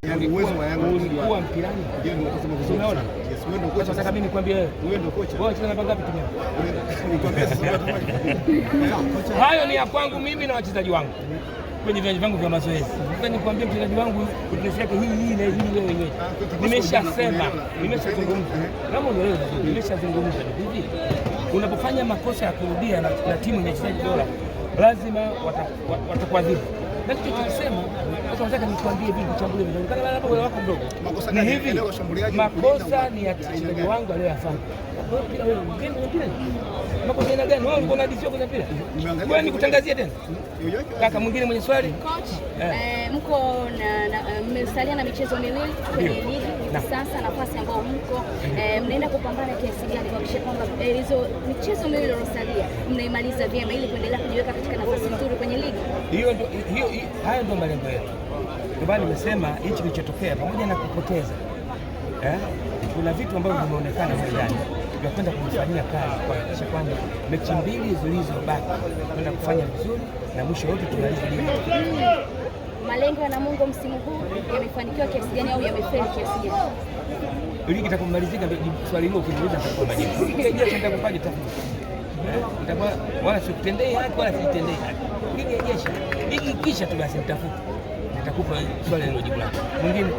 Hayo ni ya kwangu mimi na wachezaji wangu kwenye viwanja vyangu vya mazoezi. Sasa nikwambie mchezaji wangu fitness yake hii hii na hii leo yenyewe. Ah, Nimeshasema, nimeshazungumza. Eh? Kama unaelewa, nimeshazungumza hivi. Unapofanya makosa ya kurudia na timu yenye wachezaji bora lazima watakuadhibu. Na kitu tunasema tunataka nikuambie hivi, kana wako mdogo, makosa ni hivi, makosa ni ya mchezaji wangu aliyoyafanya. pia wewe mpira makosa ina gani? Wewe unaona disio kwenye mpira, wewe nikutangazia tena kaka mwingine mwenye swali. Coach, eh. Eh, mko na mmesalia na michezo miwili kwenye ligi na sasa nafasi ambayo mko eh, mnaenda kupambana kiasi gani kuhakikisha kwamba eh, hizo michezo mio iliyosalia mnaimaliza vyema ili kuendelea kujiweka katika nafasi nzuri kwenye ligi hiyo? Hiyo hayo ndio malengo yetu, Kwa nimesema hichi kilichotokea pamoja na kupoteza eh, kuna vitu ambavyo vimeonekana ndani vya kwenda kufanyia kazi kuhakikisha kwamba mechi mbili zilizobaki kwenda kufanya vizuri na mwisho wote tunaliza ligi malengo ya Namungo msimu huu yamefanikiwa kiasi gani au yamefeli kiasi gani? Ligi itakumalizika swali hilo ukiuliza nitakupaje tafuta itakuwa wala sikutendei haki wala sijitendei haki. Ligi ya jeshi ligi kisha tu basi nitafuta nitakupa swali hilo jibu lako mwingine